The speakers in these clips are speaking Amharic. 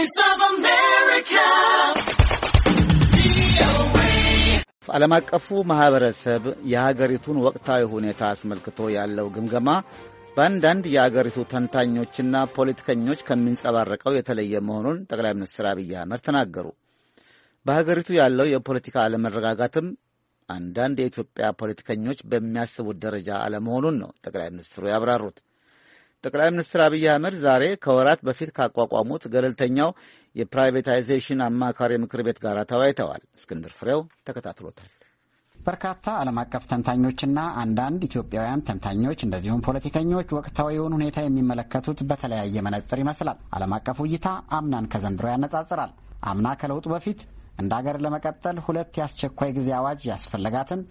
አለም ዓለም አቀፉ ማህበረሰብ የሀገሪቱን ወቅታዊ ሁኔታ አስመልክቶ ያለው ግምገማ በአንዳንድ የአገሪቱ ተንታኞችና ፖለቲከኞች ከሚንጸባረቀው የተለየ መሆኑን ጠቅላይ ሚኒስትር አብይ አህመድ ተናገሩ። በሀገሪቱ ያለው የፖለቲካ አለመረጋጋትም አንዳንድ የኢትዮጵያ ፖለቲከኞች በሚያስቡት ደረጃ አለመሆኑን ነው ጠቅላይ ሚኒስትሩ ያብራሩት። ጠቅላይ ሚኒስትር አብይ አህመድ ዛሬ ከወራት በፊት ካቋቋሙት ገለልተኛው የፕራይቬታይዜሽን አማካሪ ምክር ቤት ጋር ተወያይተዋል። እስክንድር ፍሬው ተከታትሎታል። በርካታ ዓለም አቀፍ ተንታኞችና አንዳንድ ኢትዮጵያውያን ተንታኞች እንደዚሁም ፖለቲከኞች ወቅታዊውን ሁኔታ የሚመለከቱት በተለያየ መነጽር ይመስላል። ዓለም አቀፉ እይታ አምናን ከዘንድሮ ያነጻጽራል። አምና ከለውጡ በፊት እንደ አገር ለመቀጠል ሁለት የአስቸኳይ ጊዜ አዋጅ ያስፈለጋትን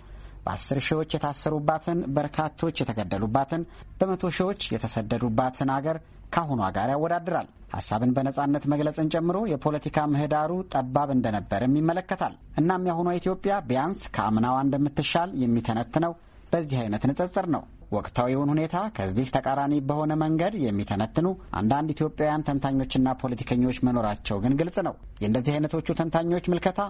በአስር ሺዎች የታሰሩባትን፣ በርካቶች የተገደሉባትን፣ በመቶ ሺዎች የተሰደዱባትን አገር ከአሁኗ ጋር ያወዳድራል። ሀሳብን በነጻነት መግለጽን ጨምሮ የፖለቲካ ምህዳሩ ጠባብ እንደነበርም ይመለከታል። እናም የአሁኗ ኢትዮጵያ ቢያንስ ከአምናዋ እንደምትሻል የሚተነትነው በዚህ አይነት ንጽጽር ነው። ወቅታዊውን ሁኔታ ከዚህ ተቃራኒ በሆነ መንገድ የሚተነትኑ አንዳንድ ኢትዮጵያውያን ተንታኞችና ፖለቲከኞች መኖራቸው ግን ግልጽ ነው። የእንደዚህ አይነቶቹ ተንታኞች ምልከታ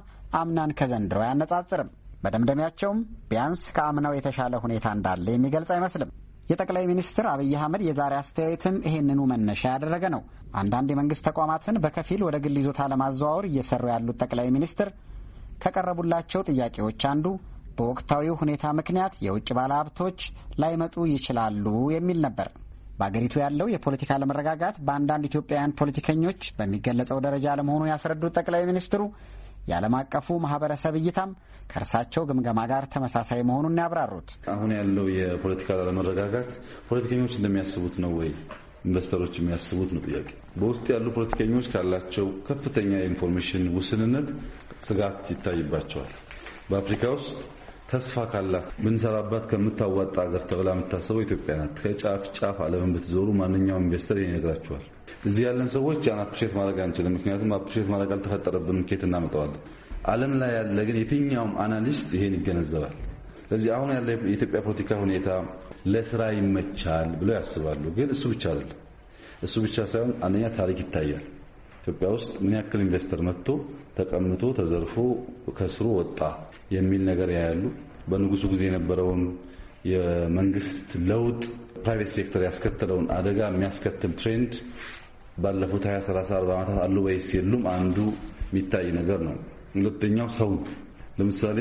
አምናን ከዘንድሮ አያነጻጽርም። መደምደሚያቸውም ቢያንስ ከአምናው የተሻለ ሁኔታ እንዳለ የሚገልጽ አይመስልም። የጠቅላይ ሚኒስትር አብይ አህመድ የዛሬ አስተያየትም ይህንኑ መነሻ ያደረገ ነው። አንዳንድ የመንግስት ተቋማትን በከፊል ወደ ግል ይዞታ ለማዘዋወር እየሰሩ ያሉት ጠቅላይ ሚኒስትር ከቀረቡላቸው ጥያቄዎች አንዱ በወቅታዊው ሁኔታ ምክንያት የውጭ ባለሀብቶች ላይመጡ ይችላሉ የሚል ነበር። በአገሪቱ ያለው የፖለቲካ አለመረጋጋት በአንዳንድ ኢትዮጵያውያን ፖለቲከኞች በሚገለጸው ደረጃ ለመሆኑ ያስረዱት ጠቅላይ ሚኒስትሩ የዓለም አቀፉ ማህበረሰብ እይታም ከእርሳቸው ግምገማ ጋር ተመሳሳይ መሆኑን ያብራሩት አሁን ያለው የፖለቲካ አለመረጋጋት ፖለቲከኞች እንደሚያስቡት ነው ወይ ኢንቨስተሮች የሚያስቡት ነው ጥያቄ። በውስጥ ያሉ ፖለቲከኞች ካላቸው ከፍተኛ የኢንፎርሜሽን ውስንነት ስጋት ይታይባቸዋል። በአፍሪካ ውስጥ ተስፋ ካላት ብንሰራባት ከምታዋጣ ሀገር ተብላ የምታሰበው ኢትዮጵያ ናት። ከጫፍ ጫፍ ዓለምን ብትዞሩ ማንኛውም ኢንቨስተር ይነግራቸዋል። እዚህ ያለን ሰዎች ያን አፕሪሼት ማድረግ አንችልም፣ ምክንያቱም አፕሪሼት ማድረግ አልተፈጠረብንም። ኬት እናመጣዋለን? ዓለም ላይ ያለ ግን የትኛውም አናሊስት ይሄን ይገነዘባል። ስለዚህ አሁን ያለ የኢትዮጵያ ፖለቲካ ሁኔታ ለስራ ይመቻል ብለው ያስባሉ። ግን እሱ ብቻ አይደለም። እሱ ብቻ ሳይሆን አንደኛ ታሪክ ይታያል። ኢትዮጵያ ውስጥ ምን ያክል ኢንቨስተር መጥቶ ተቀምጦ ተዘርፎ ከስሩ ወጣ የሚል ነገር ያያሉ። በንጉሱ ጊዜ የነበረውን የመንግስት ለውጥ ፕራይቬት ሴክተር ያስከተለውን አደጋ የሚያስከትል ትሬንድ ባለፉት 20፣ 30፣ 40 ዓመታት አሉ ወይስ የሉም? አንዱ የሚታይ ነገር ነው። ሁለተኛው ሰው ለምሳሌ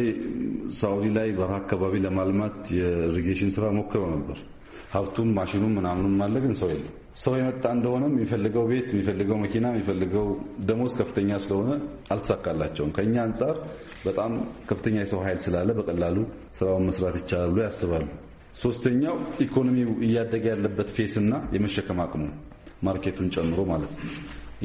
ሳውዲ ላይ በረሃ አካባቢ ለማልማት የኢሪጌሽን ስራ ሞክረው ነበር። ሀብቱም ማሽኑም ምናምኑም ማለግን ሰው የለም። ሰው የመጣ እንደሆነም የሚፈልገው ቤት፣ የሚፈልገው መኪና፣ የሚፈልገው ደሞዝ ከፍተኛ ስለሆነ አልተሳካላቸውም። ከእኛ አንጻር በጣም ከፍተኛ የሰው ኃይል ስላለ በቀላሉ ስራውን መስራት ይቻላል ብሎ ያስባሉ። ሶስተኛው ኢኮኖሚው እያደገ ያለበት ፌስ እና የመሸከም አቅሙ ማርኬቱን ጨምሮ ማለት ነው።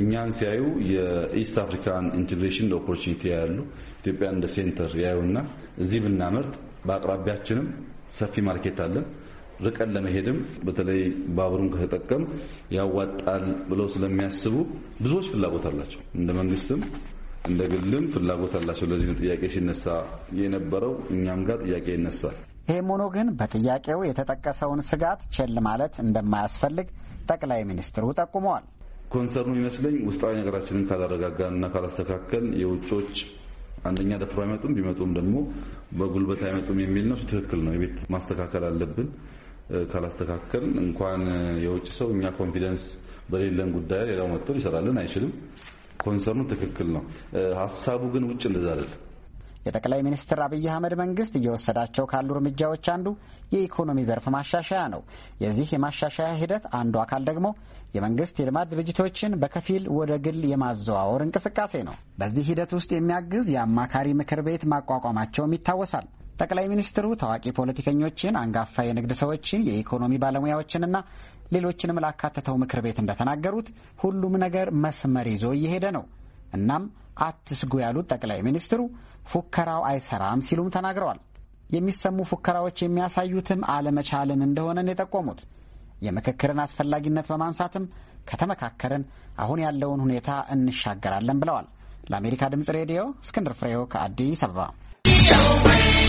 እኛን ሲያዩ የኢስት አፍሪካን ኢንቴግሬሽን ለኦፖርቹኒቲ ያሉ ኢትዮጵያ እንደ ሴንተር ያዩና እዚህ ብናመርት በአቅራቢያችንም ሰፊ ማርኬት አለን ርቀን ለመሄድም በተለይ ባቡሩን ከተጠቀም ያዋጣል ብለው ስለሚያስቡ ብዙዎች ፍላጎት አላቸው። እንደ መንግስትም እንደ ግልም ፍላጎት አላቸው። ለዚህ ነው ጥያቄ ሲነሳ የነበረው። እኛም ጋር ጥያቄ ይነሳል። ይህም ሆኖ ግን በጥያቄው የተጠቀሰውን ስጋት ቸል ማለት እንደማያስፈልግ ጠቅላይ ሚኒስትሩ ጠቁመዋል። ኮንሰርኑ ይመስለኝ ውስጣዊ ነገራችንን ካላረጋጋንና እና ካላስተካከል የውጮች አንደኛ ደፍሮ አይመጡም፣ ቢመጡም ደግሞ በጉልበት አይመጡም የሚል ነው። ትክክል ነው። የቤት ማስተካከል አለብን። ካላስተካከል እንኳን የውጭ ሰው እኛ ኮንፊደንስ በሌለን ጉዳይ ሌላው መጥቶ ሊሰራልን አይችልም። ኮንሰርኑ ትክክል ነው። ሀሳቡ ግን ውጭ እንደዛ አይደለም። የጠቅላይ ሚኒስትር አብይ አህመድ መንግስት እየወሰዳቸው ካሉ እርምጃዎች አንዱ የኢኮኖሚ ዘርፍ ማሻሻያ ነው። የዚህ የማሻሻያ ሂደት አንዱ አካል ደግሞ የመንግስት የልማት ድርጅቶችን በከፊል ወደ ግል የማዘዋወር እንቅስቃሴ ነው። በዚህ ሂደት ውስጥ የሚያግዝ የአማካሪ ምክር ቤት ማቋቋማቸውም ይታወሳል። ጠቅላይ ሚኒስትሩ ታዋቂ ፖለቲከኞችን፣ አንጋፋ የንግድ ሰዎችን፣ የኢኮኖሚ ባለሙያዎችንና ሌሎችንም ላካተተው ምክር ቤት እንደተናገሩት ሁሉም ነገር መስመር ይዞ እየሄደ ነው። እናም አትስጉ ያሉት ጠቅላይ ሚኒስትሩ ፉከራው አይሰራም ሲሉም ተናግረዋል። የሚሰሙ ፉከራዎች የሚያሳዩትም አለመቻልን እንደሆነን የጠቆሙት የምክክርን አስፈላጊነት በማንሳትም ከተመካከርን አሁን ያለውን ሁኔታ እንሻገራለን ብለዋል። ለአሜሪካ ድምጽ ሬዲዮ እስክንድር ፍሬው ከአዲስ አበባ